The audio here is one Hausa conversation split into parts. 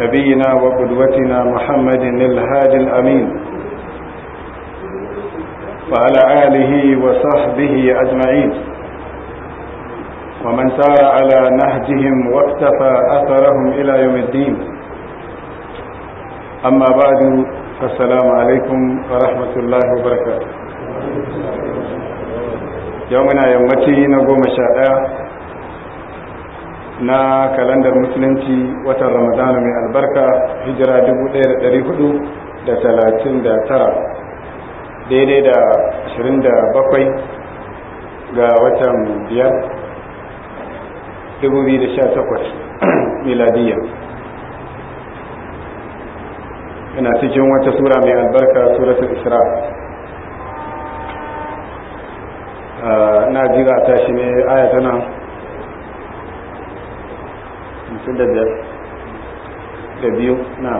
نبينا وقدوتنا محمد الهادي الأمين وعلى آله وصحبه أجمعين ومن سار على نهجهم واقتفى أثرهم إلى يوم الدين أما بعد فالسلام عليكم ورحمة الله وبركاته يومنا يومتي نقوم شائع na kalandar musulunci watan ramadana mai albarka hijira 1439 daidai da 27 ga watan 5 2018 miladiya ina cikin wata sura mai albarka ta isra ah, na jira ta shi ne ayatana hamsin da biyar da biyu na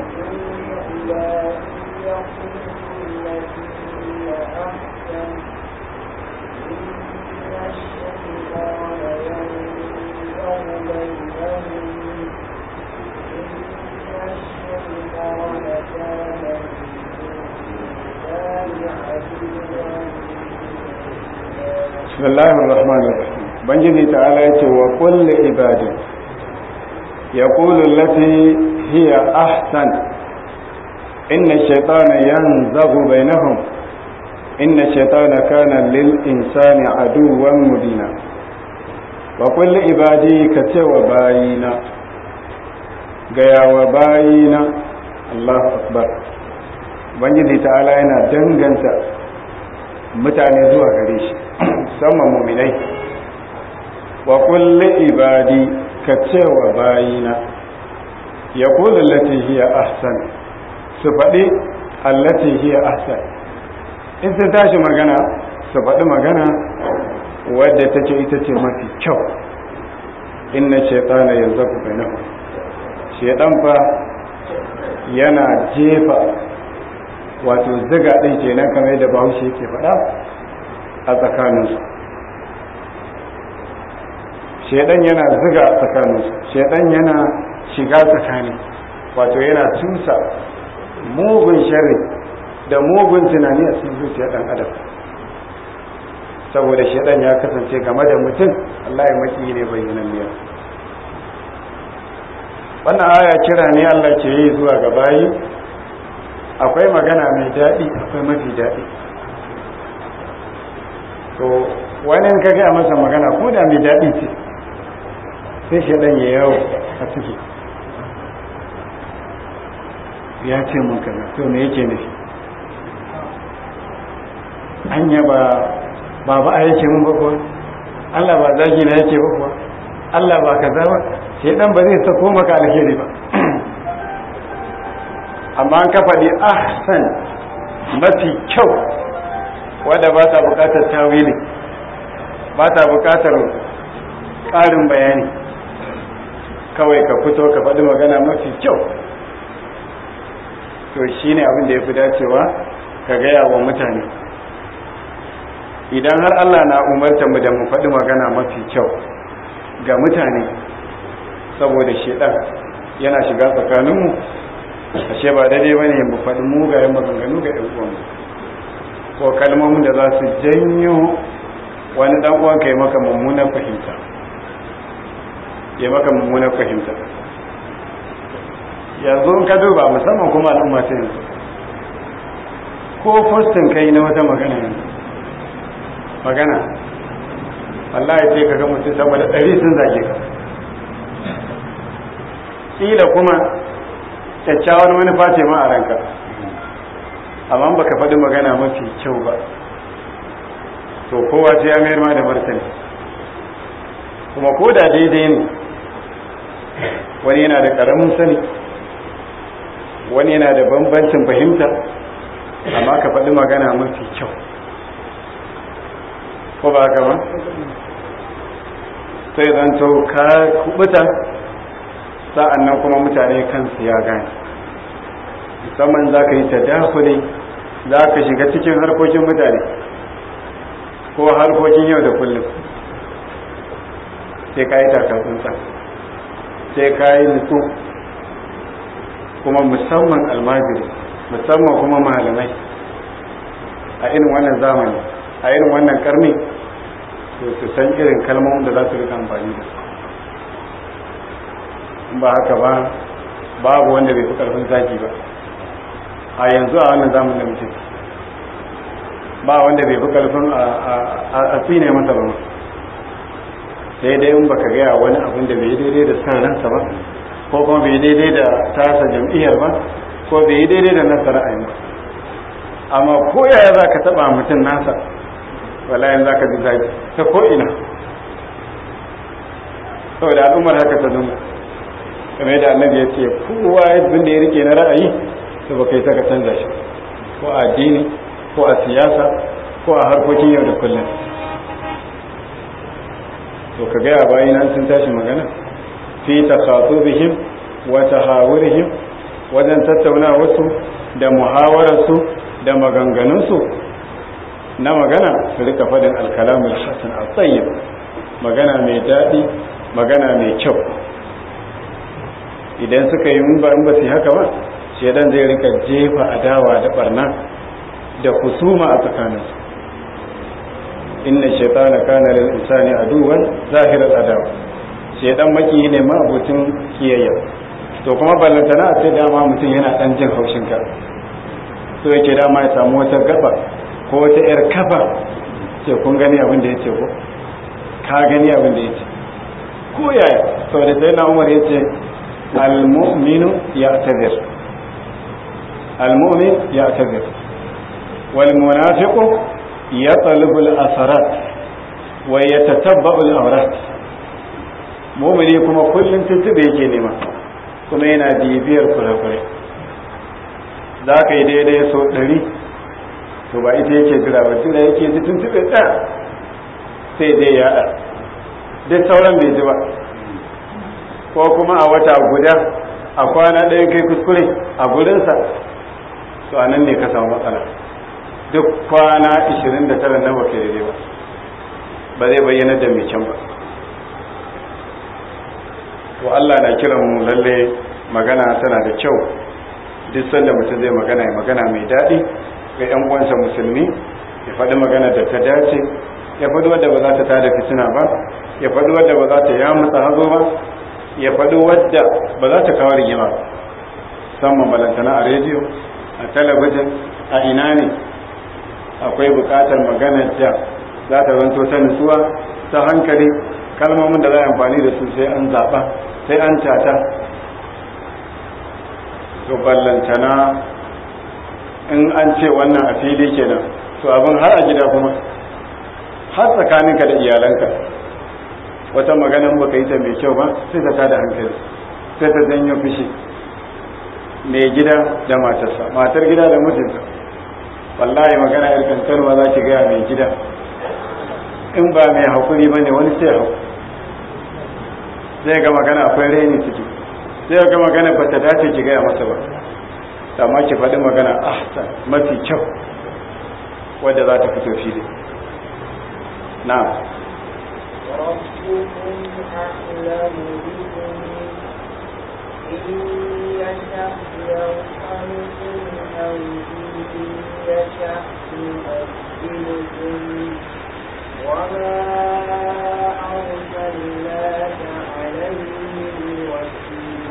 Thank you. bismillahir rahmanir rahim bangiji ta'ala yace wa kullu ibadin yaqulu allati hiya ahsan inna ash-shaytana yanzaghu bainahum inna ash-shaytana kana lil insani aduwwan mubina wa kullu ibadi ka cewa bayina gayawa bayina Allahu akbar ta'ala yana danganta mutane zuwa gare shi musamman muminai wa kulli ibadi ka cewa bayina ya kula lati hiya ahsan su faɗi allati hiya ahsan in sun tashi magana su faɗi magana wadda take ita ce mafi kyau inna shaitana yanzu ku bainahu shaitan fa yana jefa wato ziga ɗin kenan kamar yadda bahaushe yake faɗa a tsakaninsu shaidan yana ziga a tsakaninsu shaidan yana shiga tsakani wato yana tusa mugun shari da mugun tunani a cikin zuciyar dan adam saboda shaidan ya kasance game da mutum Allah ya maki ne bayyanan biyar wannan aya kira ne Allah ke yi zuwa ga bayi akwai magana mai daɗi akwai mafi daɗi to wani ka ga masa magana ko da mai daɗi ce sai shi ya yawo a ciki ya ce mun kaza to me yake nufi anya ba ba ba a yake mun ba Allah ba zagi na yake ba kuwa Allah ba kaza ba dan ba zai ta koma maka alheri ba amma an ka faɗi ahsan mafi kyau wanda ba ta bukatar tawili ba ta bukatar ƙarin bayani kawai ka fito ka faɗi magana mafi kyau to shi ne abin da ya fi dacewa ka gaya wa mutane idan har allah na umarta mu da mu faɗi magana mafi kyau ga mutane saboda shedan yana shiga tsakaninmu ashe ba daidai ba ne mu faɗi mugayen maganganu ga 'yan uwanmu ko kalmomin da za su janyo wani dan uwan kai maka mummunan fahimta ya maka mummunan fahimta yanzu ka duba musamman kuma al'umma ta yanzu ko fostin kai na wata magana yanzu magana Allah ya ce ka ga mutum da ɗari sun zage ka ƙila kuma kyakkyawar manufa ce ma a ranka amma ba ka faɗi magana mafi kyau ba to kowa sai ya mayar ma da martani kuma ko da daidai ne wani yana da ƙaramin sani wani yana da bambancin fahimta amma ka faɗi magana mafi kyau ko ba haka ba sai zan to ka kubuta sa'an nan kuma mutane kansu ya gane musamman za ka yi ta dakule za ka shiga cikin harkokin mutane ko harkokin yau da kullum sai ka yi takasunsa sai ka yi nutsu kuma musamman almajiri musamman kuma malamai a irin wannan zamani a irin wannan karni su san irin kalmomin da za su rika amfani da ba haka ba babu wanda bai fi karfin zaki ba a yanzu a wannan zamanin da muke ba wanda bai fi karfin a tsine masa ba sai dai in baka gaya wani abin da bai daidai da san ransa ba ko kuma bai daidai da tasa jam'iyyar ba ko bai daidai da nasa ra'ayin ba amma ko yaya za ka taɓa mutum nasa wallahi za ka ji ta ko'ina saboda al'ummar haka ta zama kamar yadda annabi ya ce kowa yadda ya rike na ra'ayi to ba kai saka canza shi ko a addini ko a siyasa ko a harkokin yau da kullum to ka gaya bayan an sun tashi magana fi wata wa tahawurihim wajen tattauna wasu da muhawararsu da maganganunsu na magana su rika faɗin alkalamun shatin a tsayin magana mai daɗi magana mai kyau idan suka yi in ba su haka ba shedan zai rinka jefa adawa da barna da kusuma a tsakaninsu inna shaitana kana lil insani aduwan zahirar adawa shedan maki ne ma abokin kiyayya to kuma ballantana a ce dama mutum yana dan jin haushin ka so yake dama ya samu wata gaba ko wata yar kafa ce kun gani abin da yace ko ka gani abin da yake ko yaya saboda sai na umar yace al mu'minu ya'tabir المؤمن يعتذر والمنافق يطلب الأثرات ويتتبع الأورات مؤمن يكون كل تتبه جنما كما ينا بيبير كل كل ذاك يدي يدي سوء to ba ita yake jira ba jira yake ji tuntube ɗa sai dai ya ɗa duk sauran bai ji ba ko kuma a wata guda a kwana ɗaya kai kuskure a gurinsa to a nan ne ka samu matsala duk kwana 29 na baka daidai ba ba zai bayyana da mai can ba to Allah na kiran mu lalle magana tana da kyau duk sanda mutum zai magana ya magana mai daɗi ga 'yan uwansa musulmi ya faɗi magana da ta dace ya faɗi wadda ba za ta tada fitina ba ya faɗi wadda ba za ta yamutsa hazo ba ya faɗi wadda ba za ta kawo rigima musamman balantana a rediyo a talabijin a ina ne akwai bukatar maganar da za ta zanto ta nutsuwa ta hankali kalmomin da za a amfani da su sai an zaɓa sai an tata to ballantana in an ce wannan a fili kenan to abin har a gida kuma har tsakaninka da iyalanka wata maganan baka yi ta mai kyau ba sai ta tada hankali sai ta janyo fishi mai gida da matarsa matar gida da mijinta wallahi magana yar kankarwa za ki gaya mai gida in ba mai hakuri ba ne wani sai hau zai ga magana akwai raini ciki zai ga magana ba ta dace ki gaya masa ba amma ki faɗi magana ahsan mafi kyau wadda za ta fito fili na ربكم أعلم بكم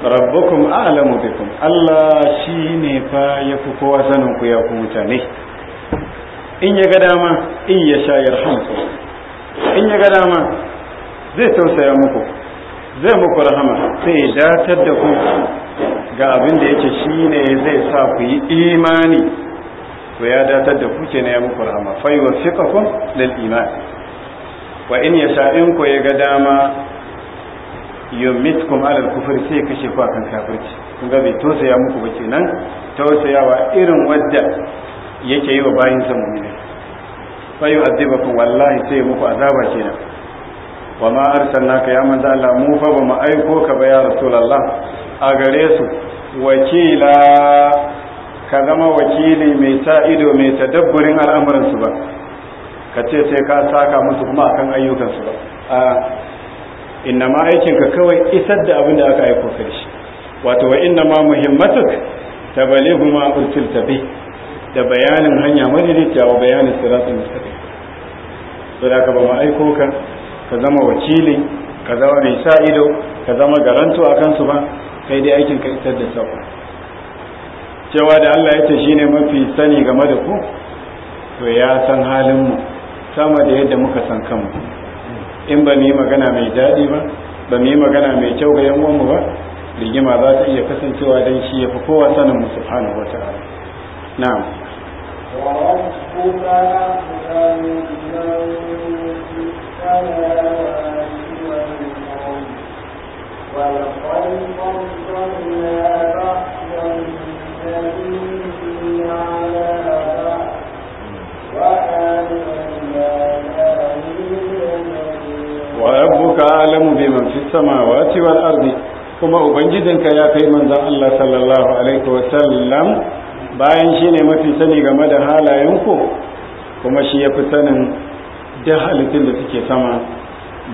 rabbukum a'lamu bikum Allah ne fa yafi kowa sanin ku ya ku mutane in ya dama in ya zai tausaya muku zai muku rahama sai ya datar ku ga abin da yake shi ne zai sa ku yi imani to ya datar da ku na ya muku rahama fa yuwaffiqakum lil iman wa in yasha in ku ya ga dama yumitkum kuma al kufur sai kashe ku akan kafirci kun ga bai tausaya muku ba kenan tausayawa irin wadda yake yi wa bayan sa mu'mini fa yu'adhibukum wallahi sai muku azaba kenan wa ma arsalnaka ya manzo Allah mu fa ba mu aiko ka ba ya rasulullah a gare su wakila ka zama wakili mai sa ido mai ta dabburin al'amuransu ba ka ce sai ka saka musu kuma akan ayyukansu ba a inna ma aikinka kawai isar da abin da aka aiko ka shi wato wa inna ma muhimmatuk bale kuma ursilta bi da bayanin hanya majalita wa bayanin siratun mustaqim to da ka ba ma aiko ka zama wakili ka zama mai sa ido ka zama garanto a kansu ba kai dai aikin ka isar da sako cewa da Allah ya ce ne mafi sani game da ku to ya san halin mu sama da yadda muka san kanmu in ba mu yi magana mai daɗi ba ba mu yi magana mai kyau ga yan uwanmu ba rigima za ta iya kasancewa dan shi ya fi kowa sanin mu subhanahu wata'ala na'am وربك أعلم samawati wal ardi kuma ubangijinka ya kai manzon Allah sallallahu alaihi wa sallam bayan shi ne mafi sani game da halayenku kuma shi ya fi sanin da halittun da suke sama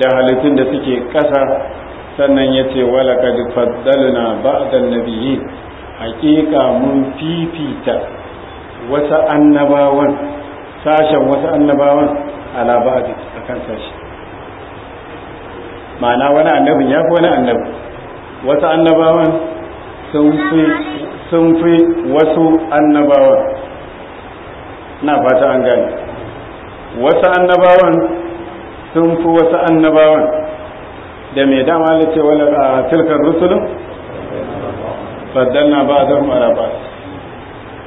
da halittun da suke ƙasa sannan ya ce walakad faddalna ba'dan nabiyyi hakika mun fifita wasu annabawan sashen wasu annabawan ala a akan sashi ma'ana wani annabin ya fi wani annabi wasu annabawan sun fi wasu annabawan na fata an gani wasu annabawan sun fi wasu annabawan da mai dama da ce wani a tilkar rusulun faddalna ba a zarmu ba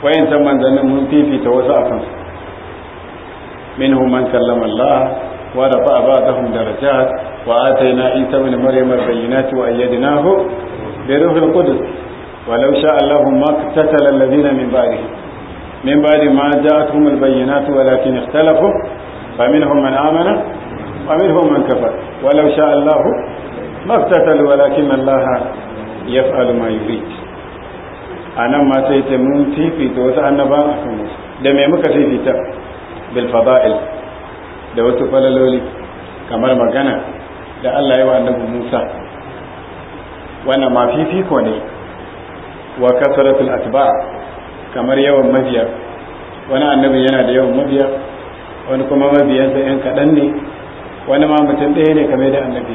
wayan can manzannin mun fifita wasu a kansu min man kallama Allah wa da ba a rafa'a da raja wa a ta yi atayna Isa ibn Maryam bayyana ci wa na hu da ayyadnahu bi ruhil qudus ولو شاء الله ما اقتتل الذين من بعدهم من بعد ما جاءتهم البينات ولكن اختلفوا فمنهم من آمن ومنهم من كفر ولو شاء الله ما اقتتلوا ولكن الله يفعل ما يريد أنا ما سيت من تيفيت وتأنبا دم يمك تيفيت بالفضائل da wasu falaloli kamar magana da Allah ya Musa wannan ma fifiko ne wa kasratul atba kamar yawan mabiya wani annabi yana da yawan mabiya wani kuma mabiyansa yan kaɗan ne wani ma mutum ɗaya ne kamar da annabi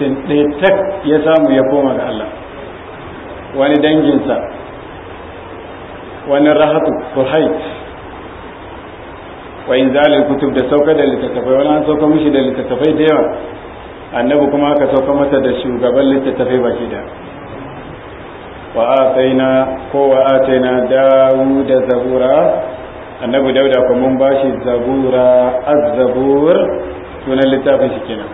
ya mutum ɗaya tak ya samu ya koma ga Allah wani danginsa wani rahatu kuhait wa in zalil kutub da sauka da littattafai wani an sauka mishi da littattafai da yawa annabi kuma aka sauka masa da shugaban littattafai baki da wa ataina ko wa ataina dawuda zabura annabi dauda kuma mun bashi zabura az-zabur sunan littafin shi kenan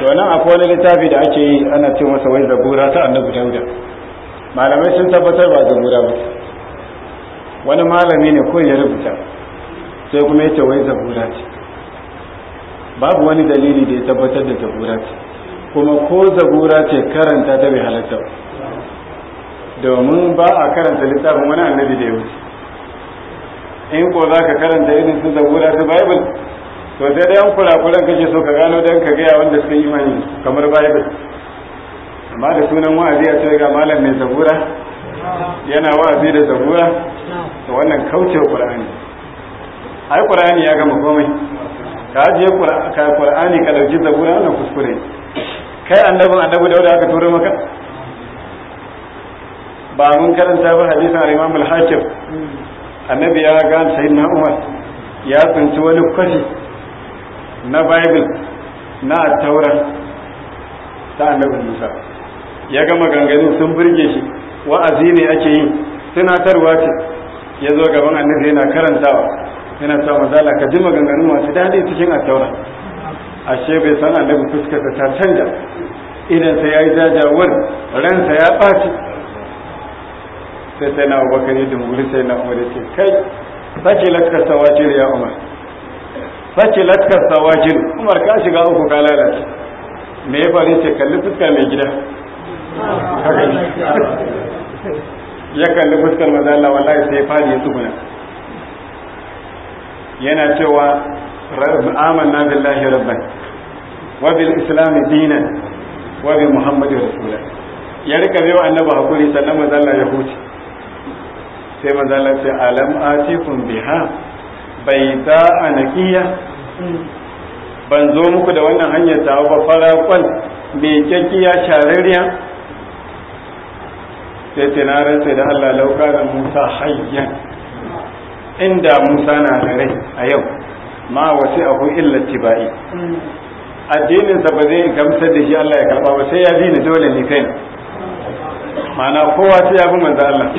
to nan akwai wani littafi da ake yi ana ce masa wai zabura ta annabi dauda malamai sun tabbatar ba zabura ba wani malami ne ko ya rubuta sai kuma ya ce wai zabura ce babu wani dalili da ya tabbatar da zabura ce kuma ko zabura ce karanta ta bai halatta domin ba a karanta littafin wani annabi da ya wuce in ko za ka karanta irin su zabura ta bible to sai dai an kula kurakuran kake so ka gano dan ka gaya wanda suka yi mani kamar bible amma da sunan wa'azi a sai ga malam mai zabura yana wa'azi da zabura to wannan kauce qur'ani ai qur'ani ya gama komai ka je ka qur'ani ka dauki zabura wannan kuskure kai annabin annabi dauda aka turo maka ba mun karanta ba hadisin al-imam al-hakim annabi ya ga sayyidina umar ya tsinci wani kwashi na bible na taura ta annabi musa ya ga maganganun sun burge shi wa'azi ne ake yi tunatarwa ce ya zo gaban annabi yana karantawa yana cewa mazala ka ji maganganun masu daɗi cikin taura ashe bai san annabi fuskar ta canja sai ya yi jajawar ransa ya ɓaci sai sai na abubakar yadda muri sai na umar ce kai sake lakar sawa ce ya umar sake latkar sawakin umar ka shiga uku ka lalace me ya faru ce kalli fuskar mai gida ya kalli fuskar maza Allah wallahi sai ya fadi ya tsuguna yana cewa amanna billahi rabban wa bil islam dinan wa bi muhammadin rasulullah ya rika bai wa annabi hakuri sannan maza Allah ya huce sai maza Allah ce alam atikum biha baita a nakiya. ban zo muku da wannan hanyar ta ba faraƙon mai kyakkiya shararriya sai ce na rantsa da Allah lauka da Musa hayyan inda Musa na da rai a yau ma wasu abu illa tibai addininsa ba zai gamsar da shi Allah ya karba ba sai ya bi ni dole ni kai ma'ana kowa sai ya bi manzo Allah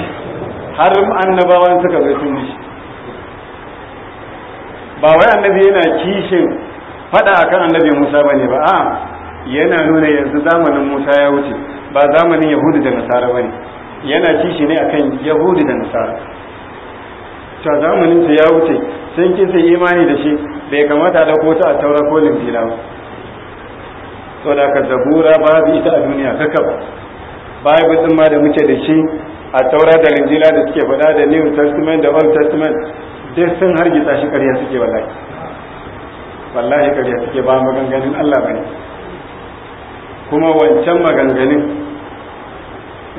har annabawan suka zo sun shi ba wai annabi yana kishin fada akan annabi Musa bane ba a yana nuna yanzu zamanin Musa ya wuce ba zamanin Yahudu da Nasara bane yana kishi ne akan Yahudu da Nasara ta zamanin sa ya wuce sun ki sai imani da shi bai kamata da ko ta taura ko limfila ba to da ka zabura babu ita a duniya kaka ba bible din ma da muke da shi a taura da linjila da suke faɗa da new testament da old testament sai sun hargitsa shi ƙarya suke wallahi wallahi ƙarya suke ba maganganun Allah bane kuma wancan maganganun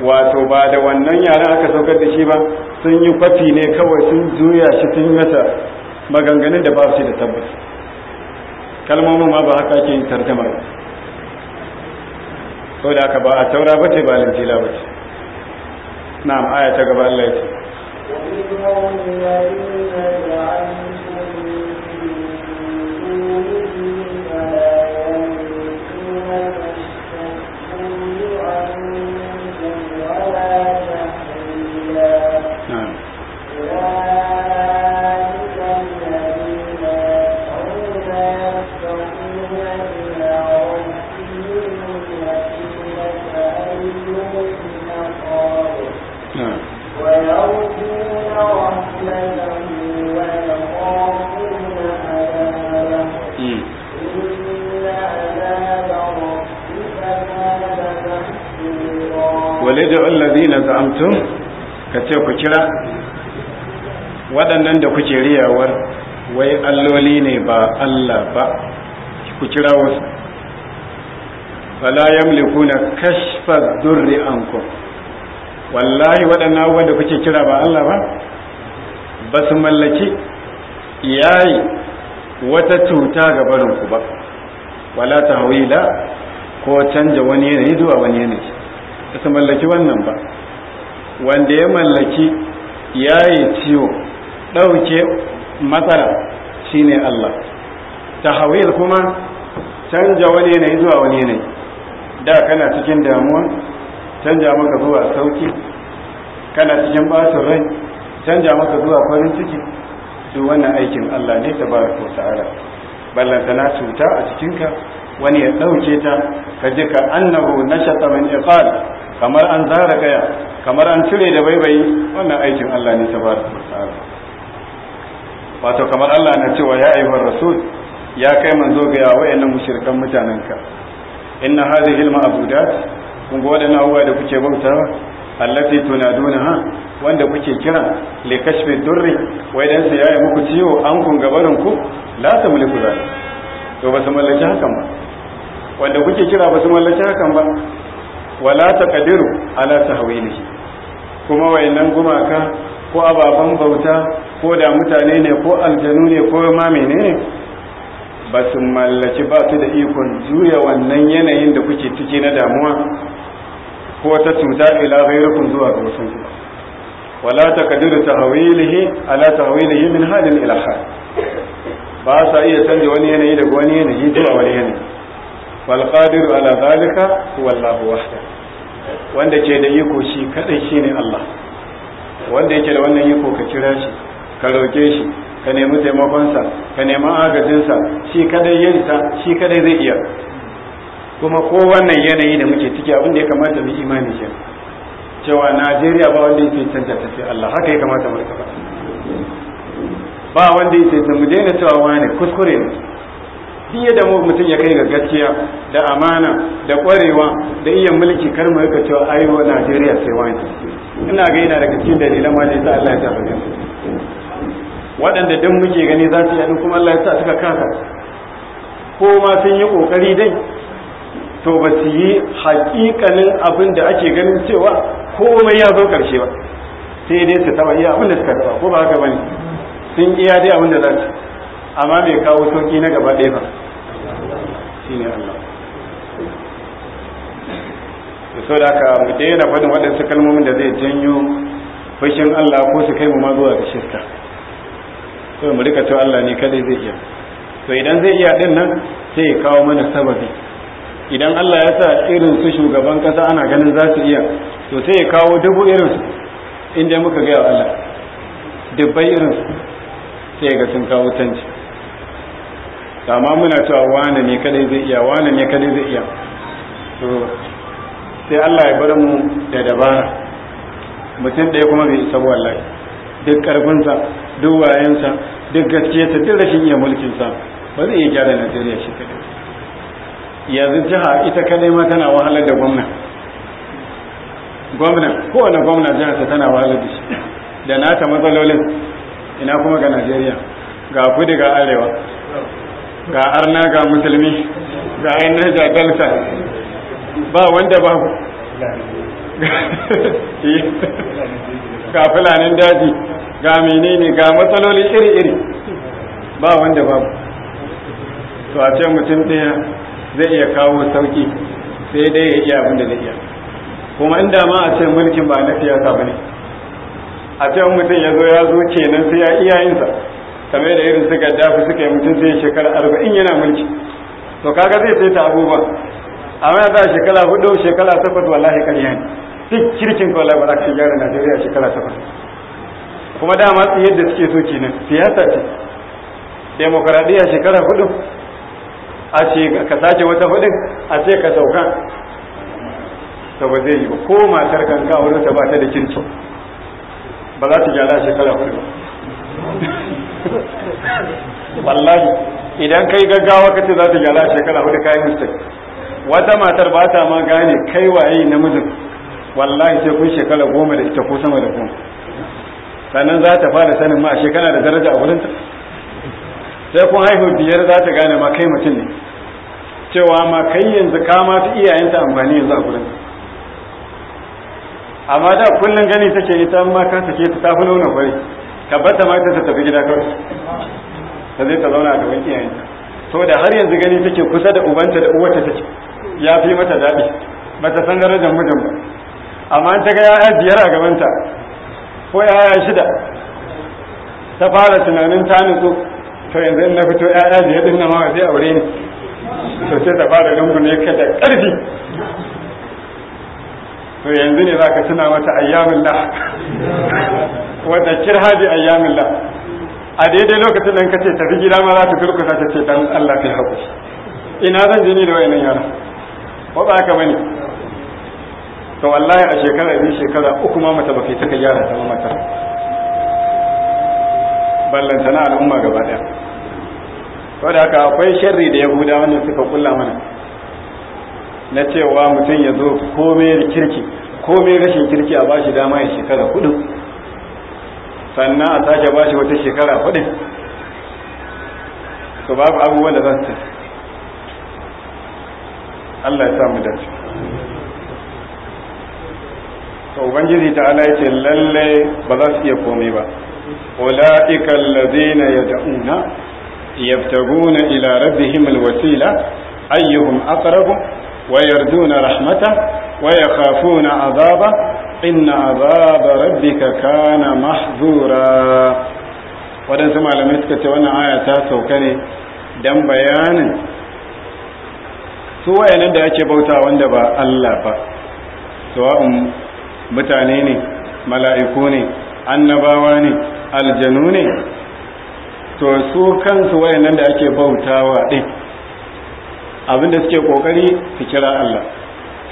wato ba da wannan yaran aka saukar da shi ba sun yi kwafi ne kawai sun juya shi sun mata maganganun da ba su da tabbas kalmomin ma ba haka ake yin tarjama ba da aka ba a taura ba ce ba ba bace na'am aya ta gaba Allah ya ce ومنهم الذين جعلنا alladhina za'amtum ka ce ku kira waɗannan da kuke riyawar wai alloli ne ba Allah ba ku kira wasu fala yamlikuna kashfa durri ankum wallahi waɗannan wanda da kuke kira ba Allah ba ba su mallaki yayi wata cuta ga barinku ba wala tahwila ko canja wani yanayi zuwa wani yanayi su mallaki wannan ba wanda ya mallaki yi ciwo ɗauke matsala shine Allah tahawil kuma canja wani yanayi zuwa wani yanayi da kana cikin damuwa canja maka zuwa sauki kana cikin bacin rai canja maka zuwa farin ciki su wannan aikin Allah ne ta ba ko ta'ala ballanta na cuta a cikinka wani ya ɗauke ta ka ji ka annahu nashata min iqal kamar an zara gaya kamar an cire da baibayi wannan aikin Allah ne ta bar tsara. wato kamar Allah na cewa ya ayyuhar rasul ya kai manzo ga ya wayannan mushrikan mutanenka inna hadhihi al-ma'budat kun ga wadannan abubuwa da kuke bauta allati ha, wanda kuke kira li kashfi durri wai dan sai yayi muku ciwo an kun gabarin ku la mulku zalik to ba su mallaki hakan ba wanda kuke kira ba su mallaki hakan ba wala taqdiru ala tahwilihi kuma wayannan gumaka ko ababen bauta ko da mutane ne ko aljanu ne ko ma menene ba su mallaci ba su da ikon juya wannan yanayin da kuke ciki na damuwa ko ta cuta ila ghairukum zuwa ga wasu ba wala taqdiru tahwilihi ala tahwilihi min halin ila ba sa iya canja wani yanayi daga wani yanayi zuwa wani yanayi wal qadiru ala zalika huwa wahda wanda ke da iko shi kadai shine Allah wanda yake da wannan iko ka kira shi ka roke shi ka nemi taimakonsa ka nemi agajinsa shi kadai yinsa shi kadai zai iya kuma ko wannan yanayi da muke ciki abin da ya kamata mu imani ke cewa Najeriya ba wanda yake canta ta sai Allah haka ya kamata mu ba wanda yake mu daina cewa wani kuskure ne duk yadda mutum ya kai ga gaskiya da amana da kwarewa da iya mulki kar mu rika cewa ai Najeriya sai wani ina ga yana daga cikin dalilan ma da yasa Allah ya tafi waɗanda don muke gani za su yi kuma Allah ya sa suka kasa ko ma sun yi kokari dai to ba su yi haƙiƙanin abin da ake ganin cewa komai ya zo ƙarshe ba sai dai su taɓa iya abin da suka taɓa ko ba haka ba ne sun iya dai abin da za su amma mai kawo sauki na gaba ɗaya ba shi ne Allah da so da aka mu daina faɗin waɗansu kalmomin da zai janyo fashin Allah ko su kai mu ma zuwa ga shirka so mu rika to Allah ne kada zai iya to idan zai iya din nan sai ya kawo mana sababi idan Allah ya sa irin su shugaban kasa ana ganin za su iya to sai ya kawo dubu irin su inda muka ga Allah dubbai irin su sai ga sun kawo canji amma muna cewa wane ne kadai zai iya wane ne kadai zai iya to sai Allah ya bar mu da dabara mutum ɗaya kuma bai isa wallahi duk ƙarfinsa duk wayansa duk gaskiyarsa duk rashin iya sa ba zai iya gyara Najeriya shi kadai yanzu jiha ita kadai ma tana wahalar da gwamna gwamna kowane gwamna ta tana wahalar da shi da nata matsalolin ina kuma ga Najeriya ga kudi ga arewa ga arna ga musulmi ga ainihin da delta ba wanda ba ga fulanin daji ga menene ga matsaloli iri-iri ba wanda ba to a ce mutum ɗaya zai iya kawo sauki sai dai ya iya abin da zai iya kuma inda ma a ce mulkin ba na siyasa ba ne a ce mutum ya zo ya zo kenan sai ya iya yinsa kamar da irin suka dafi suka yi mutum sai shekara arba'in yana mulki to kaga zai sai ta abubuwa amma yanzu a shekara hudu shekara takwas wallahi ƙarya ne duk kirkin kwallo ba za ka gyara najeriya shekara takwas kuma dama tsayar da suke so kenan siyasa ce demokaradiyya shekara hudu a ce ka sace wata hudun a ce ka sauka to ba zai yi ba ko matar kanka wurin ta ba ta da kirki ba za ta gyara shekara hudu wallahi idan kai gaggawa kace za ta gyara shekara hudu kayan mistake wata matar ba ta ma gane kai waye namijin wallahi sai kun shekara goma da ita ko sama da goma sannan za ta fara sanin ma shekara kana da daraja a wurinta sai kun haihu biyar za ta gane ma kai mutum ne cewa ma kai yanzu ka ma ta iyayenta amfani yanzu a wurin. amma da kullum gani take ita ma ka take ta tafi nuna bari tabbata ma ta tafi gida kawai ta zai ta zauna a gaban iyayen to da har yanzu gani take kusa da ubanta da uwarta take ya fi mata daɗi bata san darajar mijin ba amma ta ga ya'ya biyar a gabanta ko ya'ya shida ta fara tunanin ta nutsu to yanzu in na fito ya'ya biyar din nan ma sai aure ni to ta fara ne ka da ƙarfi to yanzu ne za ka tuna mata ayyamin lah wadda kirha ayyamin lah a daidai lokacin da kace tafi gida ma za ta kurkusa ta ce dan Allah kai hakuri ina zan je ni da wayannan yara ko ba ka bane to wallahi a shekara ne shekara uku ma mata baka yi taka gyara ta mata ballanta na al'umma gaba daya saboda haka akwai sharri da yahudawa ne suka kulla mana na cewa mutum ya zo komai kirki komai rashin kirki a bashi dama ya shekara hudu sannan a sake bashi wata shekara hudu su babu abubuwan da zan Allah ya samu da su to ubangiji ta ala yace lalle ba za su iya komai ba ulaika allazina yad'una yabtaguna ila rabbihim alwasila ayyuhum aqrabu ويرجون رحمته ويخافون عذابه إن عذاب ربك كان محذورا waɗansu malamai suka ce wannan aya ta sauka ne don bayanin su wayanan da ake bauta wanda ba Allah ba sawa'un mutane annabawa ne aljanu ne to su kansu wayannan da ake bautawa ɗin abin da suke kokari su kira Allah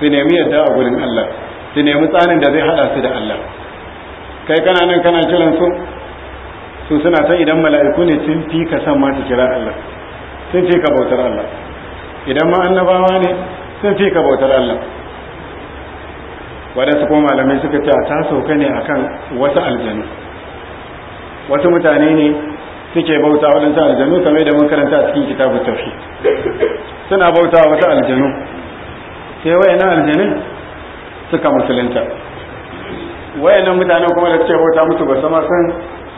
su nemi yadda a gurin Allah su nemi tsarin da zai hada su da Allah kai kana nan kana kiran su su suna san idan mala'iku ne sun fi ka san ma su kira Allah sun fi ka bautar Allah idan ma annabawa ne sun fi ka bautar Allah waɗansu koma malamai suka ce ta sauka ne akan wasu aljanu wasu mutane ne suke bauta waɗansu aljanu kamar da mun karanta cikin kitabu tafi suna bauta wata aljanu sai wayannan aljanin suka musulunta nan mutane kuma da suke bauta musu ba sama san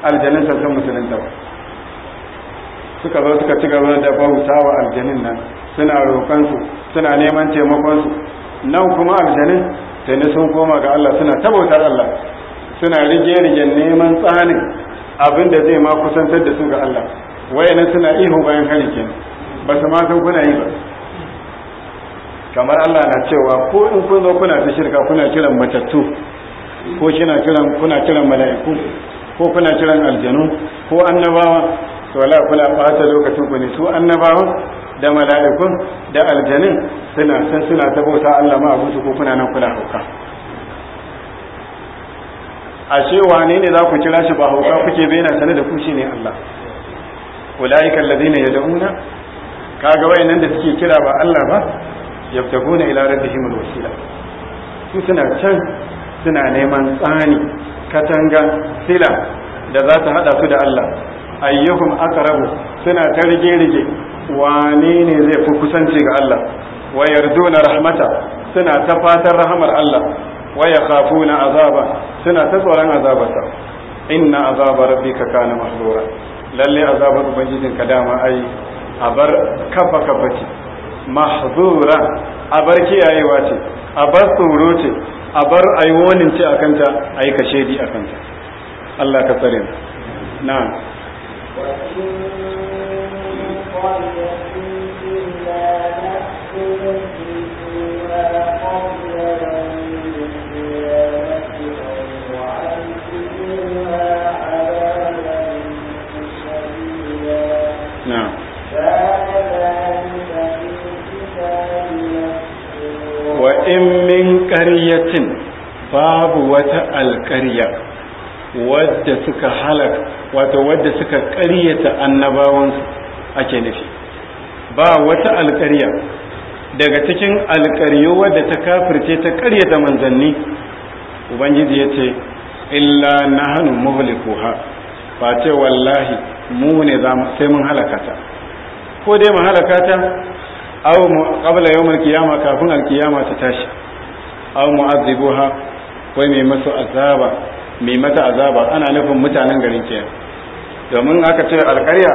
aljanin sa sun musulunta ba suka zo suka ci gaba da bauta wa aljanin nan suna roƙon su suna neman taimakon su nan kuma aljanin sai sun koma ga Allah suna ta bautar Allah suna rige-rige neman tsanin abin da zai ma kusantar da su ga Allah wayannan suna ihu bayan hari kenan ba ta ma san kuna yi ba kamar Allah na cewa ko in kun zo kuna ta shirka kuna kiran matattu ko kina kiran kuna kiran mala'iku ko kuna kiran aljanu ko annabawa to la kula bata lokacin ku ne su annabawan da mala'ikun da aljanin suna san suna ta bauta Allah ma abun su ko kuna nan kula hauka ashe wane ne za ku kira shi ba hauka kuke bayyana sanar da ku shine Allah ulaika alladhina yad'una kaga wayannan da suke kira ba Allah ba yabtaguna ila rabbihim alwasila su suna can suna neman tsani katanga sila da za ta hada su da Allah ayyuhum aqrabu suna ta rige rige wane ne zai fi kusanci ga Allah wa yarduna rahmata suna ta fatan rahamar Allah wa yakhafuna azaba suna ta tsoron azabarsa inna azaba rabbika kana mahdura lalle azabar ubangijinka dama ai a bar kafa kafa ce mahzura a bar kiyayewa ce a bar tsoro ce a bar aiwonin ce a kanta a yi kashedi a kanta Allah ka tsare na na'am in min ƙaryatin babu wata alƙarya wadda suka halaka wato wadda suka ƙaryata annabawansu ake nufi ba wata alƙarya daga cikin alƙaryo wadda ta kafirce ta ƙaryata manzanni ubangiji ya ce illa na hannu ha ba ce wallahi mu ne sai mun halakata ko dai mun halakata aw qabla yawm al-qiyama kafin al qiyamah ta tashi aw mu'azzibuha wai mai masu azaba mai mata azaba ana nufin mutanen garin ke domin aka ce alƙarya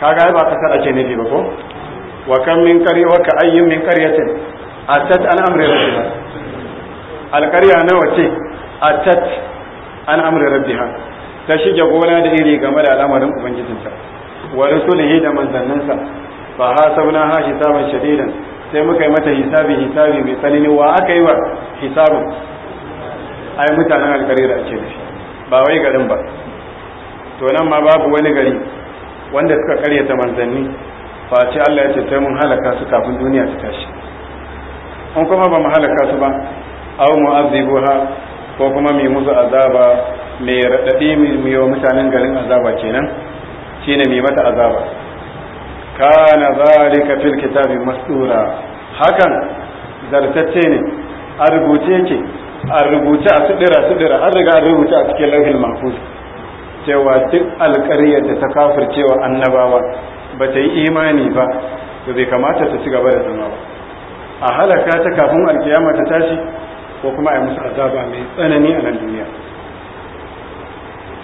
kaga ba kasar ake nufi ba ko wa kam min qari wa ka ayyin min qaryatin atat an amri rabbiha alƙarya nawa ce atat an amri rabbiha ta shige gona da iri game da al'amarin ubangijinta wa rasulihi da manzanninsa fa hasabna ha hisaban shadidan sai muka yi mata hisabi hisabi mai tsanani wa aka yi wa hisabu? ai mutanen da ake da ba wai garin ba to nan ma babu wani gari wanda suka karyata manzanni ce Allah ya ce sai mun halaka su kafin duniya ta tashi an kuma ba mu halaka su ba aw mu'azibuha ko kuma mai musu azaba mai radadi mai wa mutanen garin azaba kenan shine mai mata azaba kana zalika fil kitabi masdura hakan zartacce ne a rubuce a rubuce a sudira sudira an riga a cikin lauhin mahfuz cewa duk da ta kafircewa annabawa ba ta yi imani ba to bai kamata ta ci gaba da zama ba a halaka ta kafin alkiyama ta tashi ko kuma a yi musu azaba mai tsanani a nan duniya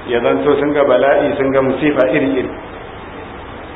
ya zanto sun ga bala'i sun ga musifa iri-iri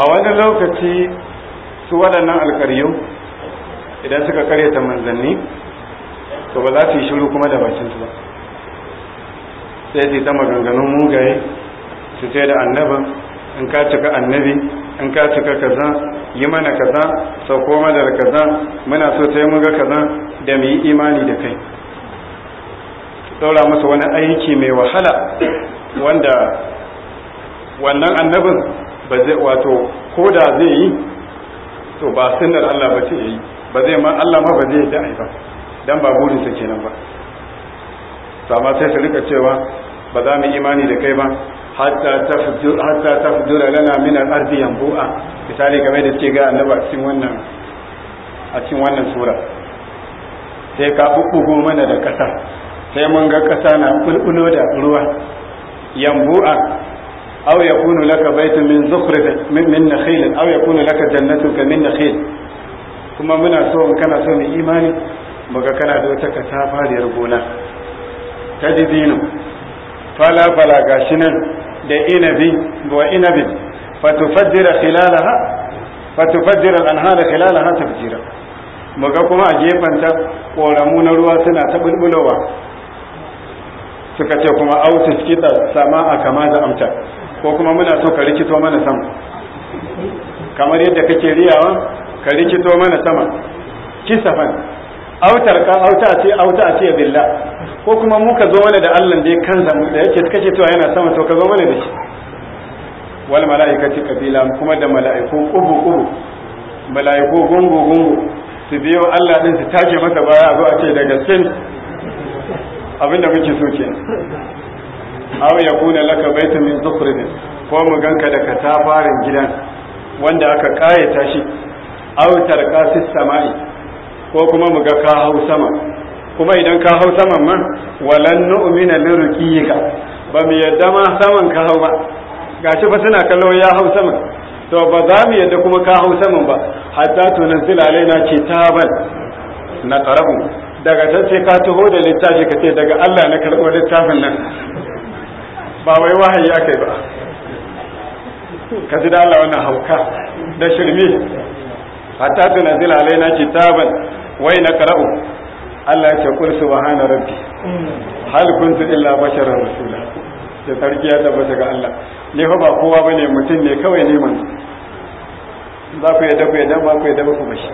a wani lokaci su waɗannan alkaryu idan suka karya ta manzanni to ba za su yi shiru kuma da su ba sai su ta maganganun mugaye su ce da annaba in ka cika annabi in ka cika kaza yi mana kaza sau koma da kaza muna so sai mun ga kaza da mu yi imani da kai ɗaura masa wani aiki mai wahala wanda wannan annabin ba zai wato ko da zai yi to ba sunnar Allah ba ce yi ba zai ma Allah ma ba zai yi ai ba dan ba burin sa kenan ba to amma sai ka rika cewa ba za mu imani da kai ba hatta ta hatta tafdura lana min al-ardi yanbu'a misali game da ce ga annaba cikin wannan a cikin wannan sura sai ka bubbugo mana da kasa sai mun ga kasa na bulbulo da ruwa yanbu'a أو يكون لك بيت من زخرف من نخيل أو يكون لك جنتك من نخيل kuma muna so in kana so mai imani baka kana da wata tafariyar gona ta didino fala fala gashi nan da inabi wa inabi fatufaddira khilalaha fatufaddira al-anhara khilalaha tafjira muga kuma a gefanta koramu na ruwa suna ta bulbulowa suka ce kuma autis kita sama a kama da amta ko kuma muna so ka rikito mana sama kamar yadda kake riyawa ka rikito mana sama kisafan autar ka auta ce auta ce billah ko kuma mu ka zo mana da Allah da kan mu da yake kake cewa yana sama to ka zo mana da shi wal malaikati kabila kuma da malaiku kubu kubu malaiku gungu gungu su biyo Allah din su take masa baya a zo a ce da gaske abinda muke so kenan aw yakuna laka baitun min zukhrib ko mu ganka da katafarin gidan wanda aka kayata shi aw tarqa samai ko kuma mu ga ka hau sama kuma idan ka hau sama ma walan nu'mina lirqiyika ba mu yadda ma saman ka hau ba gashi fa suna kallo ya hau sama, to ba za mu yadda kuma ka hau saman ba hatta tunazzila alaina kitaban na qarabu daga can sai ka taho da littafi ka ce daga Allah na karɓo littafin nan ba wai wahayi akai ba ka ji da Allah wannan hauka da shirme hatta tunazila alaina kitaban wai na qara'u Allah ya kul subhana rabbi hal kuntu illa basharar rasula da sarki ya tabbata ga Allah ne fa ba kowa bane mutum ne kawai ne man za ku yadda ku yadda ba ku yadda ba ku bashi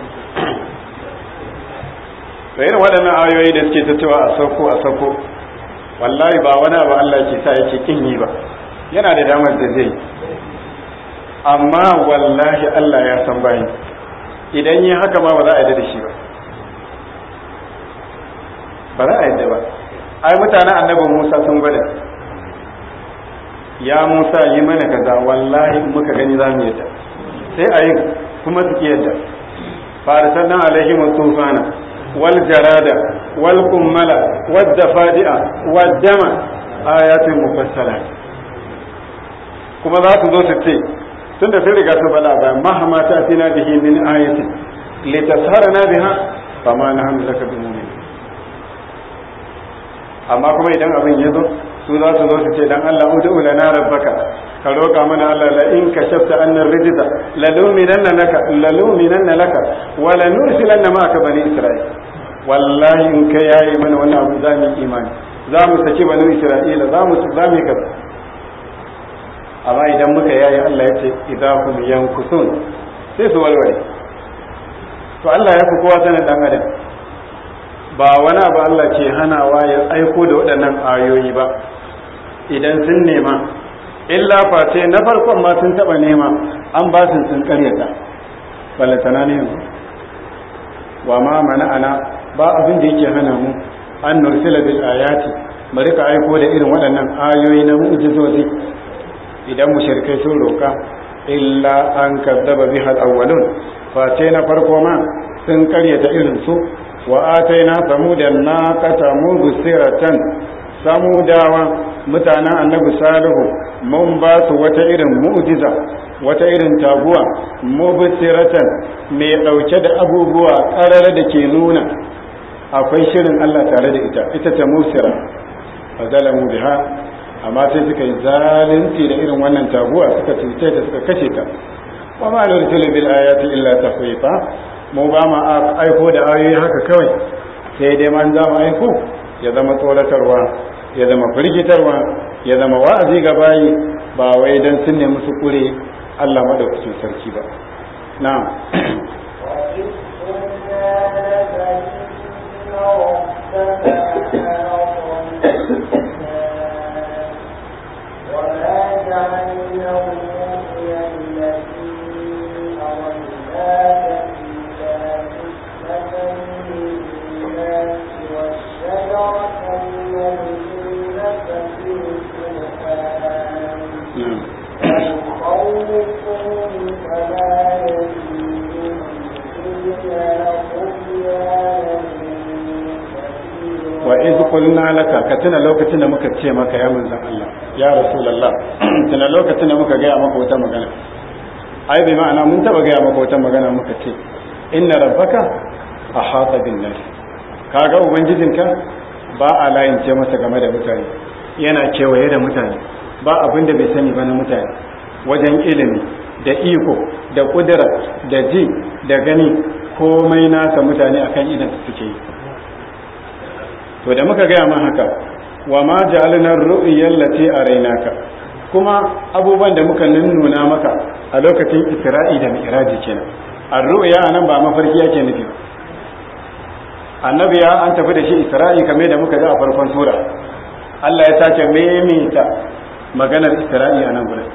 da irin waɗannan ayoyi da suke ta cewa a sauko a sauko wallahi ba wani abu Allah ke sa yake kin yi ba yana da damar da zai amma wallahi Allah ya san bayi idan yi haka ma ba za a yi da shi ba ba za a da ba ai mutanen annabi Musa sun gwada ya Musa yi mana kaza wallahi muka gani za mu yarda sai a yi kuma su ki yarda farisan nan alaihim tufana والجرادة والكملة والدفادئة والدم آيات مفصلة كما ذات ذو ستي تند سرقة بلا مهما تأتينا به من آية لتسهرنا بها فما نحن لك بمؤمنين amma kuma idan abin ya zo su za su zo su ce dan Allah udu lana rabbaka ka roƙa mana Allah la in kashafta annar rijza la luminanna laka la laka wa la bani isra'il wallahi in kai yayi mana wannan abu za mu imani za mu saki bani isra'ila za mu za mu ka amma idan muka yayi Allah ya ce idahum yankusun sai su walwale to Allah ya fi kowa sanin dan adam ba wani abu Allah ke hanawa ya aiko da waɗannan ayoyi ba idan sun nema illa face na farkon ma sun taɓa nema an ba sun sun karyata ballatana ne wa ma mana ana ba abin da yake hana mu an nursila bil ayati bari ka aiko da irin waɗannan ayoyi na mu'jizozi idan mu mushrikai sun roka illa an kazzaba biha al-awwalun fa na farko ma sun karyata irin su wa ataina samuda naqata mubsiratan samudawa mutanen annabi salihu mun ba su wata irin mu'jiza wata irin taguwa mubsiratan mai dauke da abubuwa karara da ke nuna akwai shirin Allah tare da ita ita ta musira fa zalamu biha amma sai suka yi zalunci da irin wannan taguwa suka cuce ta suka kashe ta wa ma nursilu bil ayati illa tahwifa mu ba ma aiko da ayoyi haka kawai sai dai man za mu aiko ya zama tsoratarwa ya zama firgitarwa ya zama wa'azi ga bayi ba wai dan sun nemi su kure Allah madaukakin sarki ba na'am Thank you. qulna laka ka tuna lokacin da muka ce maka ya manzan Allah ya rasulullah tuna lokacin da muka gaya maka wata magana ai bai ma'ana mun taba gaya maka wata magana muka ce inna rabbaka ahata bin nas kaga ubangijinka ba a layin ce masa game da mutane yana kewaye da mutane ba abin da bai sani ba na mutane wajen ilimi da iko da kudura da ji da gani komai nasa mutane akan idan suke yi to da muka gaya ma haka wa ma ja'alna ar-ru'ya allati araynaka kuma abubuwan da muka nuna maka a lokacin isra'i da mi'raji kenan ar-ru'ya anan ba mafarki yake nufi annabi ya an tafi da shi isra'i kame da muka ga a farkon sura Allah ya sake maimaita maganar isra'i anan gurin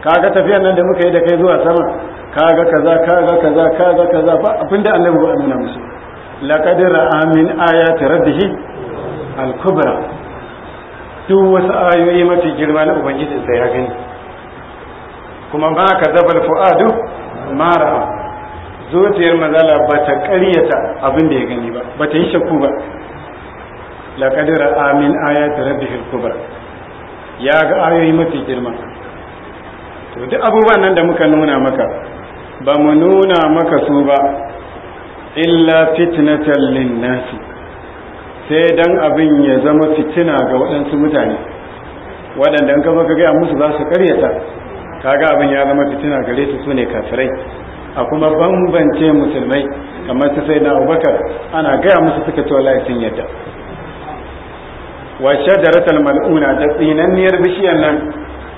kaga tafiyar nan da muka yi da kai zuwa sama kaga kaza kaga kaza kaga kaza ba abinda annabi ya nuna musu laqad ra'a min ayati rabbih al duk wasu ayoyi mafi girma na ubangijinsa ya gani kuma ba ka zabal fu'adu mara zuciyar mazala ba ta ƙaryata abin da ya gani ba ba ta yi shakku ba laqad Amin min ayati rabbih al ya ga ayoyi mafi girma to duk abubuwan nan da muka nuna maka ba mu nuna maka su ba illa fitnatan linnasi sai dan abin ya zama fitina ga waɗansu mutane waɗanda an ka gaya musu za su karyata kaga abin ya zama fitina gare su sune kafirai a kuma bambance musulmai kamar su sai na abubakar ana gaya musu suka to wallahi sun yadda wa shajaratul mal'una da tsinanniyar bishiyar nan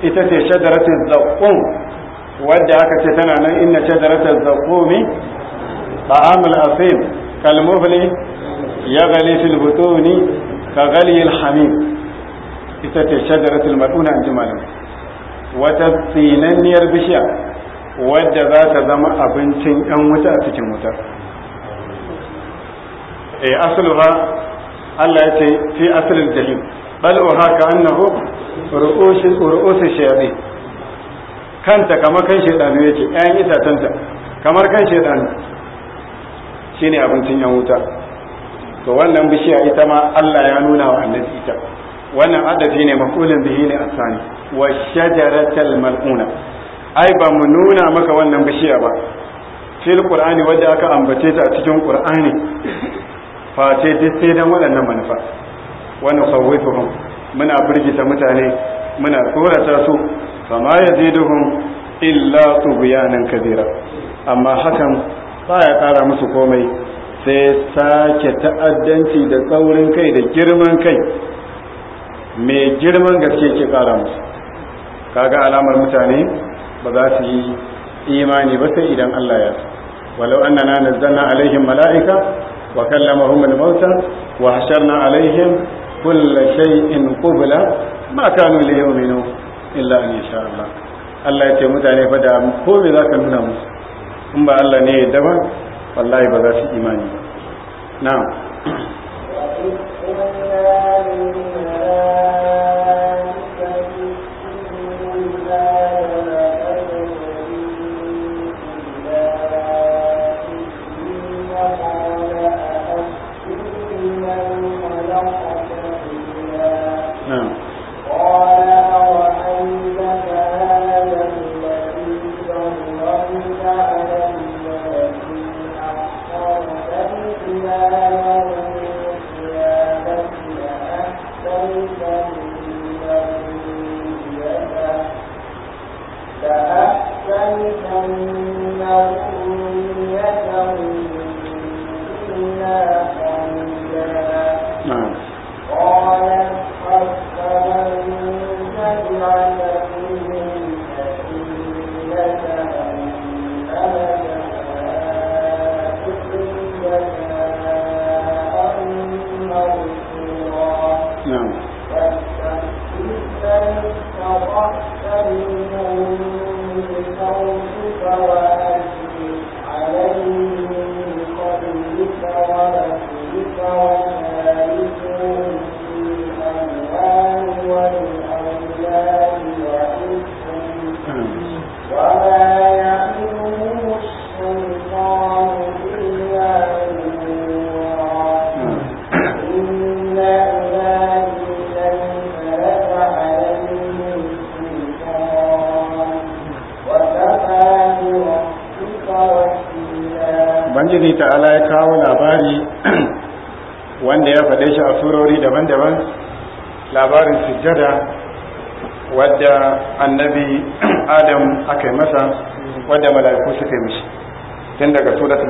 ita ce shajaratul zaqum wadda aka ce tana nan inna shajaratul zaqumi طعام الأثيم كالمفل يغلي في البطون كغلي الحميم ita shadarar tilmaduna an ji malam wata tsinanniyar bishiya wadda za ta zama abincin 'yan wuta a cikin wuta e asluha Allah ya ce fi aslil jahim bal uha ka annahu ru'usul ru'usul shayabi kanta kamar kan shedanu yake 'yan itatanta kamar kan shedanu shine abincin yan wuta to wannan bishiya ita ma Allah ya nuna wa annabi ita wannan adafi ne maqulun bihi ne asani wa shajaratal mal'una ai ba mu nuna maka wannan bishiya ba fil qur'ani wanda aka ambace ta a cikin qur'ani face duk sai dan waɗannan manufa wannan khawwifuhum muna burgita mutane muna tsorata su fama yaziduhum illa tubyanan kabira amma hakan ba ya ƙara musu komai sai sake ta'addanci da tsaurin kai da girman kai mai girman gaske ke ƙara musu kaga alamar mutane ba za su yi imani ba sai idan Allah ya walau annana nazzalna alaihim mala'ika wa kallamahum al-mauta wa hasharna alaihim kulla shay'in qubla ma kanu liyu'minu illa an yasha Allah Allah ya ce mutane fa da ko me zaka nuna musu in ba Allah ne ya ba wallahi ba za su imani na na'am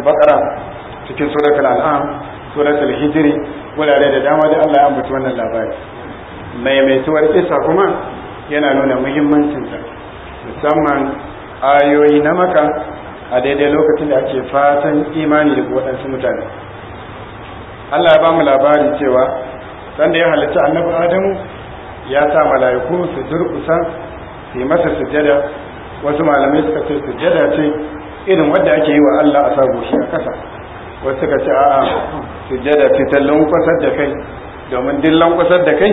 baqara cikin suratul al'am suratul hijri wurare da dama da Allah ya ambaci wannan labari Mai maimaituwar isa kuma yana nuna muhimmancin muhimmancinta musamman ayoyi na maka a daidai lokacin da ake fatan imani daga waɗansu mutane Allah ya ba mu labari cewa sanda ya halitta annabi adamu ya sa mala'iku su durƙusa su yi masa sujada, wasu malamai suka ce sujada ce irin wadda ake yi wa Allah a sa shi a kasa wasu suka ce a'a sujjada fitar lankwasar da kai domin din lankwasar da kai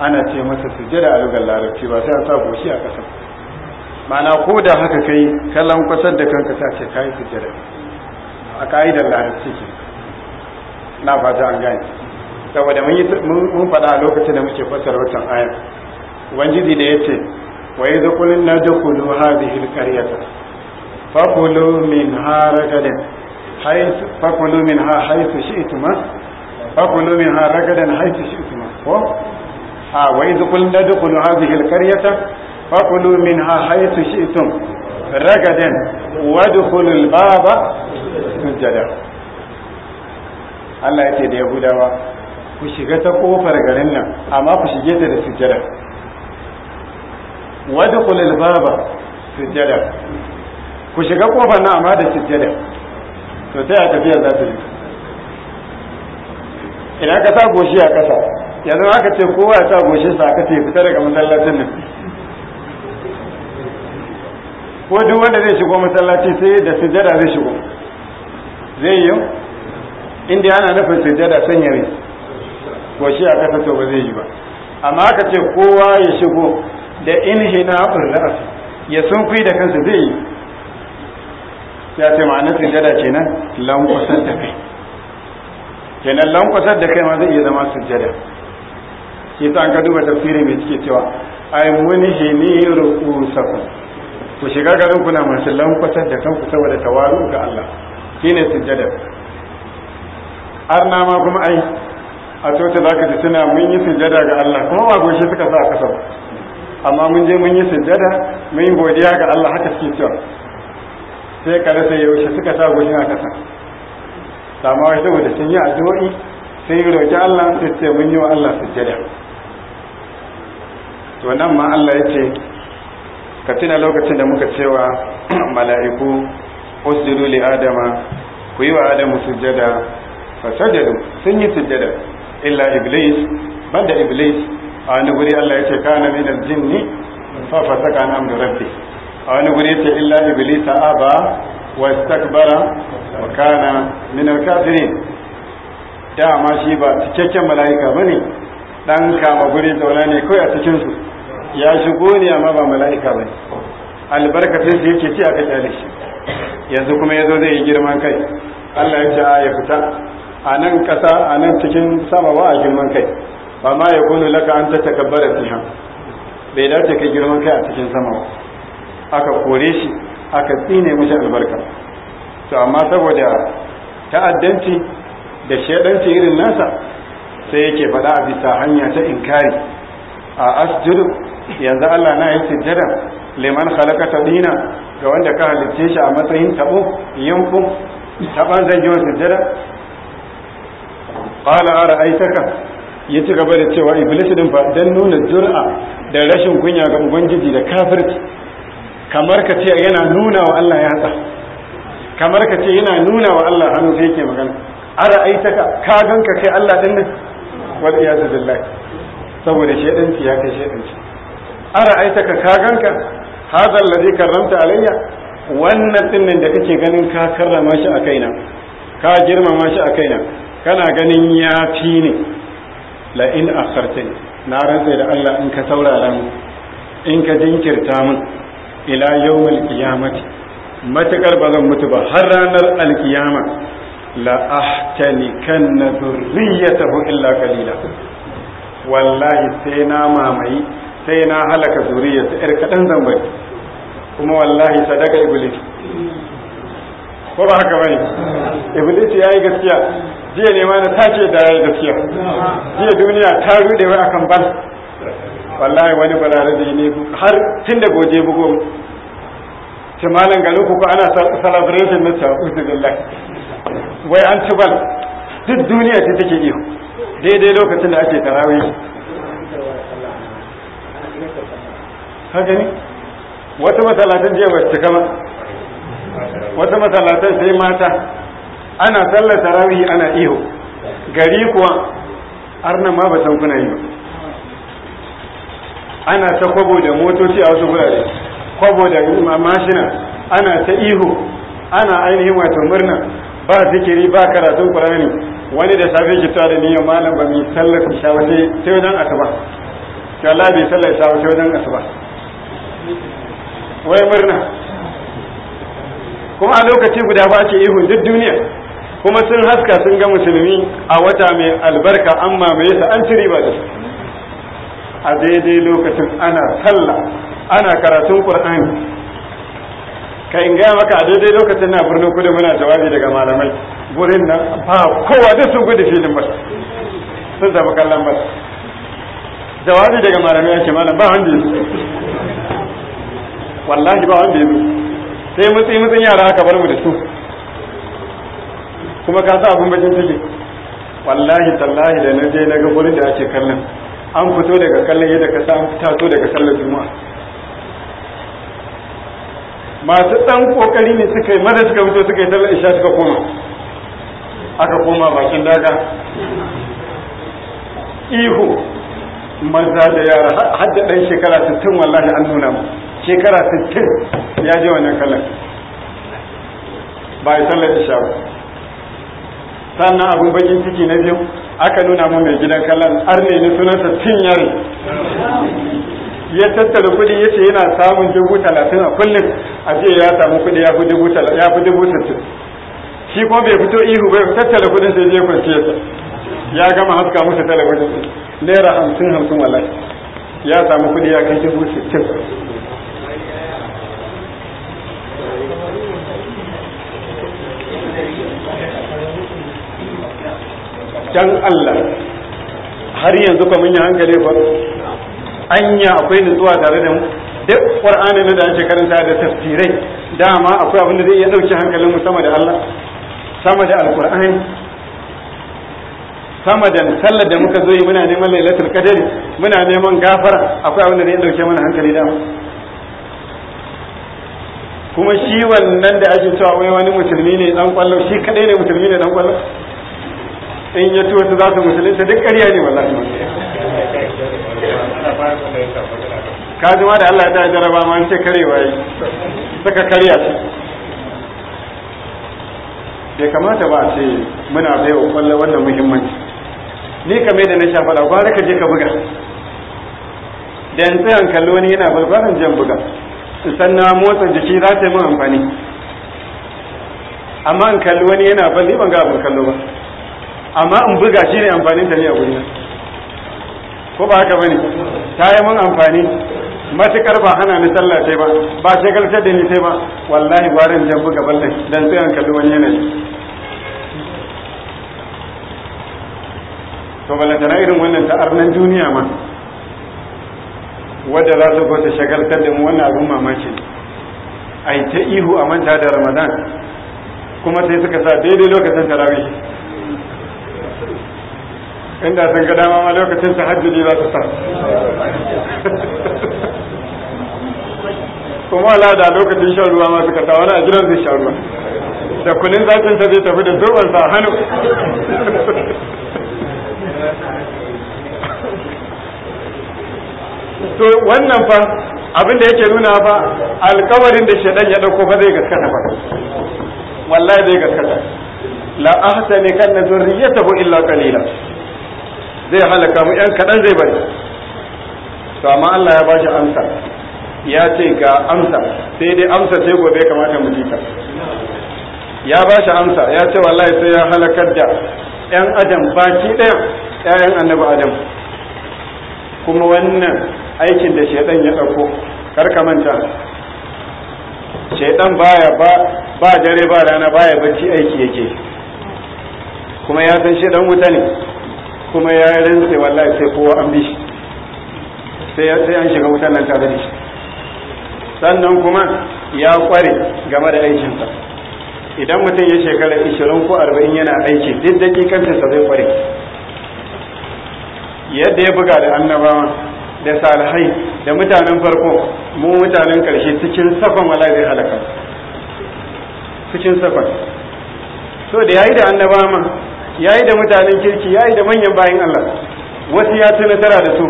ana ce masa sujjada a lugar larabci ba sai a sa goshi a kasa Mana ko da haka kai ka lankwasar da kanka sa ce kayi sujjada a ka'idar larabci ke na fata an gani saboda mun faɗa a lokacin da muke fassara watan ayar ubangiji da ya ce wa yi zakulin na dukulu hadhihi alqaryata fakulu minha ragadan haythu fakulu minha haythu shi'tuma fakulu minha ragadan haythu shi'tuma ko ha wa idh qulna dkhulu hadhihi alqaryata fakulu minha haythu Allah ya ce da Yahudawa ku shiga ta kofar garin nan amma ku shige ta da sujada wadkhulu baba sujada ku shiga kofar na amma da sujjada to ta ya tafiya za ta yi idan ka sa goshi a ƙasa yanzu aka ce kowa ya sa goshinsa aka ce fita daga masallacin nan ko duk wanda zai shigo masallaci sai da sujjada zai shigo zai yi inda ana nufin sujjada sanya rai goshi a kasa to ba zai yi ba amma aka ce kowa ya shigo da inhina ra'as ya sunkuyi da kansa zai yi ya ce ma'anar ce nan lankwasar da kai kenan lankwasar da kai ma zai iya zama sujada ke ta an ka duba tafsirin mai cike cewa ai muni hini rukusakum ku shiga garin kuna masu lankwasar da kanku saboda tawaru ga Allah shi shine sujjada arna ma kuma ai a tota ka ji suna mun yi sujada ga Allah kuma ma goshi suka sa kasa amma mun je mun yi sujada mun yi godiya ga Allah haka suke cewa sai ka rasa yaushe suka sa gushin a ƙasa dama wai saboda sun yi addu'o'i sun yi roƙi Allah sai ce mun yi wa Allah sujjada to nan ma Allah ya ce ka tuna lokacin da muka cewa mala'iku usjudu li adama ku yi wa adamu sujjada fa sajadu sun yi sujjada illa iblis banda iblis a wani guri Allah ya ce kana min aljinni fa fasaka an amdu rabbi a wani guri ce illa iblisa aba wa istakbara wa kana min al-kafirin dama shi ba cikakken mala'ika bane dan kama guri zauna ne kawai a cikin su ya shigo ne amma ba mala'ika bane albarkatin shi yake ci a kyale shi yanzu kuma ya zo zai yi girman kai Allah ya ce ya fita a nan kasa a nan cikin sama ba a girman kai ba ma ya kunu laka an ta takabbara fiha bai dace ka girman kai a cikin sama aka kore shi aka tsine mishi albarka to amma saboda ta'addanci da shedanci irin nasa sai yake faɗa a bisa hanya ta inkari a asjudu yanzu Allah na yi sujjada liman khalaqa tadina ga wanda ka halicce shi a matsayin tabo yankun taban zan yi sujjada qala ara'aytaka ya ci gaba da cewa iblis din fa dan nuna jur'a da rashin kunya ga ubangiji da kafirci kamar ka ce yana nuna wa Allah ya tsa kamar ka ce yana nuna wa Allah hannu sai ke magana ara aita ka ka ganka kai Allah din nan wal iyad billahi saboda shedanci ya kai shedanci ara aita ka ka ganka hadal ladhi karramta alayya wannan din da kake ganin ka karrama shi a kaina ka girmama shi a kaina kana ganin ya fi ne la in akhartani na rantsa da Allah in ka saurara mu in ka jinkirta mun ila yawmal qiyamati matakar ba zan mutu ba har ranar alkiyama la ahtanikanna dhurriyyatahu illa qalila wallahi sai na mamayi sai na halaka zuriyarsa yar kadan zan bari kuma wallahi sadaka iblis ko ba haka bane iblis yayi gaskiya jiya ne ma na tace da yayi gaskiya jiya duniya ta rude wai akan bal wallahi wani da ne har tun da goje bugo ce malam garin kuka ana celebration na ta'udzubillah wai an ci bal duk duniya ce take iyo daidai lokacin da ake tarawe hajjani wata masalatan jiya ba cika wata masalatan sai mata ana sallar tarawe ana iyo gari kuwa arna ma ba san kuna yi ba ana ta kwabo da motoci a wasu gurare kwabo da mashina ana ta ihu ana ainihin wato murna ba zikiri ba karatun qur'ani wani da safe ki da niyyar malam ba mai sallar isha waje wajen asuba to Allah bai sallar isha waje wajen asuba wai murna kuma a lokaci guda ba ke ihun duk duniya kuma sun haska sun ga musulmi a wata mai albarka amma mai yasa an ci riba da su a daidai lokacin ana sallah ana karatun qur'ani kai in gaya maka a daidai lokacin na birnin kudu muna jawabi daga malamai gurin nan ba kowa da sun gudu filin ba sun zama kallon ba jawabi daga malamai ake malam ba wanda yi wallahi ba wanda yi sai mutsi mutsin yara aka bar mu da su kuma ka sa abun bakin ciki wallahi tallahi da na je na ga gurin da ake kallon an fito daga kallon yadda ka an taso daga sallar juma'a masu ɗan ƙoƙari ne suka yi mada suka fito suka yi sallar isha suka koma aka koma bakin daga ihu maza da yara har da ɗan shekara 60 wallahi an nuna mu shekara 60 ya je wannan kallon ba yi sallar isha ba sannan abin bakin ciki na biyu aka nuna mu mai gidan kallon har ne sunansa cinyari ya tattara kudi ya ce yana samun dubu talatin a kullum a ce ya samu kudi ya fi dubu sittin shi kuma bai fito ihu bai tattara kudin sai je yasa ya gama haska musu talabijin naira hamsin hamsin wallahi ya samu kudi ya kai dubu sittin dan Allah har yanzu kuma mun yi hankali fa anya akwai nutsuwa tare da mu duk qur'ani ne da ake karanta da tafsirai dama akwai abin da zai iya dauki hankalin mu sama da Allah sama da alqur'ani sama da sallar da muka zo yi muna neman lailatul qadari muna neman gafara akwai abin da zai dauke mana hankali dama kuma shi wannan da ake cewa wai wani musulmi ne dan kwallo shi kadai ne musulmi ne dan kwallo in ya tuwa su za su musulunta duk ƙarya ne wallahi ka zama da Allah ta jaraba ma an ce karewa yi suka karya su ya kamata ba a ce muna bai wa kwallo wannan muhimmanci ni kame da na shafa da gwara ka je ka buga da yan tsayan kallo wani yana barbaran jan buga sannan motsa jiki za ta yi mun amfani amma in kalli wani yana balli ban ga abin kallo ba amma in buga shi ne amfanin ta ne a gurina ko ba haka bane ta yi mun amfani matukar ba hana ni sallah sai ba ba shagaltar da ni sai ba wallahi barin jan buga ballan dan sai an kalli wani yanayi to ballantana irin wannan ta'ar nan duniya ma wadda za su ta shagaltar da mu wannan abin mamaki ai ta ihu a manta da ramadan kuma sai suka sa daidai lokacin tarawih inda sun ga dama ma lokacin hajji ne za su sa kuma wala da lokacin shan ruwa ma suka wani a jiran zai shan ruwa da kunin zafin ta zai tafi da turban sa hannu to wannan fa abin da yake nuna fa alkawarin da shaidan ya dauko fa zai gaskata fa wallahi zai gaskata la ahsani kan zurriyatahu illa qalila zai halaka mu yan kaɗan zai bari to amma Allah ya bashi amsa ya ce ga amsa sai dai amsa sai gobe kamata mu jita ya bashi amsa ya ce wallahi sai ya halakar da yan adam baki ɗaya ƴaƴan annabi adam kuma wannan aikin da shaidan ya ɗauko karka manta shaidan baya ba ba dare ba rana baya bacci aiki yake kuma ya san shaidan wuta ne kuma ya rantse wallahi sai kowa an bi shi sai an shiga wutan nan tare da shi sannan kuma ya kware game da sa idan mutum ya shekara 20 ko 40 yana aiki duk sa zai kware yadda ya buga da annabawa da salihai da mutanen farko mu mutanen karshe cikin safan wallahi zai halaka cikin safan so da yayi da annabawa yayi da mutanen kirki yayi da manyan bayan Allah wasu ya ci nasara da su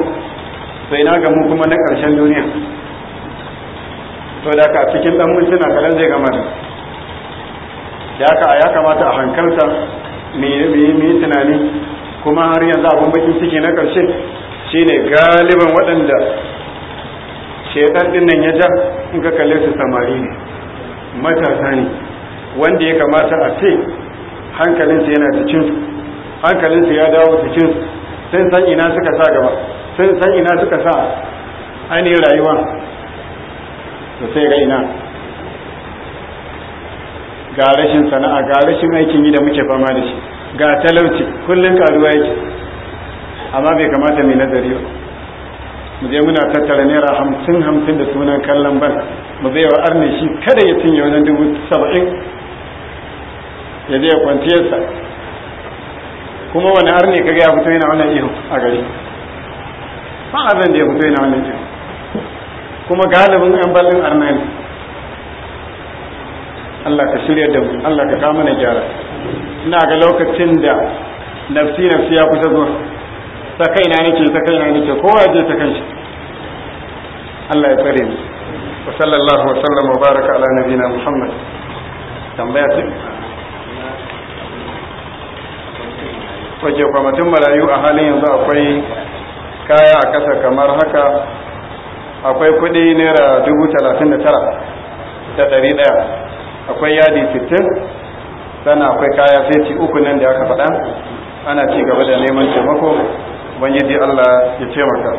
Sai na ga mu kuma na ƙarshen duniya to da ka cikin dan mintuna kalan zai gama da ya ka ya kamata a hankalta mai tunani kuma har yanzu abin bakin ciki na ƙarshe shine galiban waɗanda shekar din nan ya ja in ka kalle su samari ne matasa ne wanda ya kamata a ce hankalinsa yana cikinsu hankalinsa ya dawo cikinsu sun san ina suka sa gaba sun san ina suka sa ainihin rayuwa to sai ga ina ga rashin sana'a ga rashin aikin yi da muke fama da shi ga talauci kullum karuwa yake amma bai kamata mai nazari ba mu je muna tattara naira hamsin hamsin da sunan kallon ban mu bai wa arne shi kada ya cinye wajen dubu saba'in ya je kwanciyarsa kuma wani har ne kaga ya fito yana wannan ihu a gari ba azan da ya fito yana wannan ihu kuma galibin yan ballin ne. Allah ka shirya da mu Allah ka kama na gyara ina ga lokacin da nafsi nafsi ya kusa zuwa ta kaina nake ta kaina nake kowa je ta kanshi Allah ya tsare mu wa sallallahu wa sallama wa baraka ala nabiyina Muhammad tambaya wake kwamitin marayu a halin yanzu akwai kaya a ƙasa kamar haka akwai kuɗi naira dubu talatin da tara da ɗari ɗaya akwai yadi sittin sannan akwai kaya feti uku nan da aka faɗa ana ci gaba da neman taimako ubangiji allah ya taimaka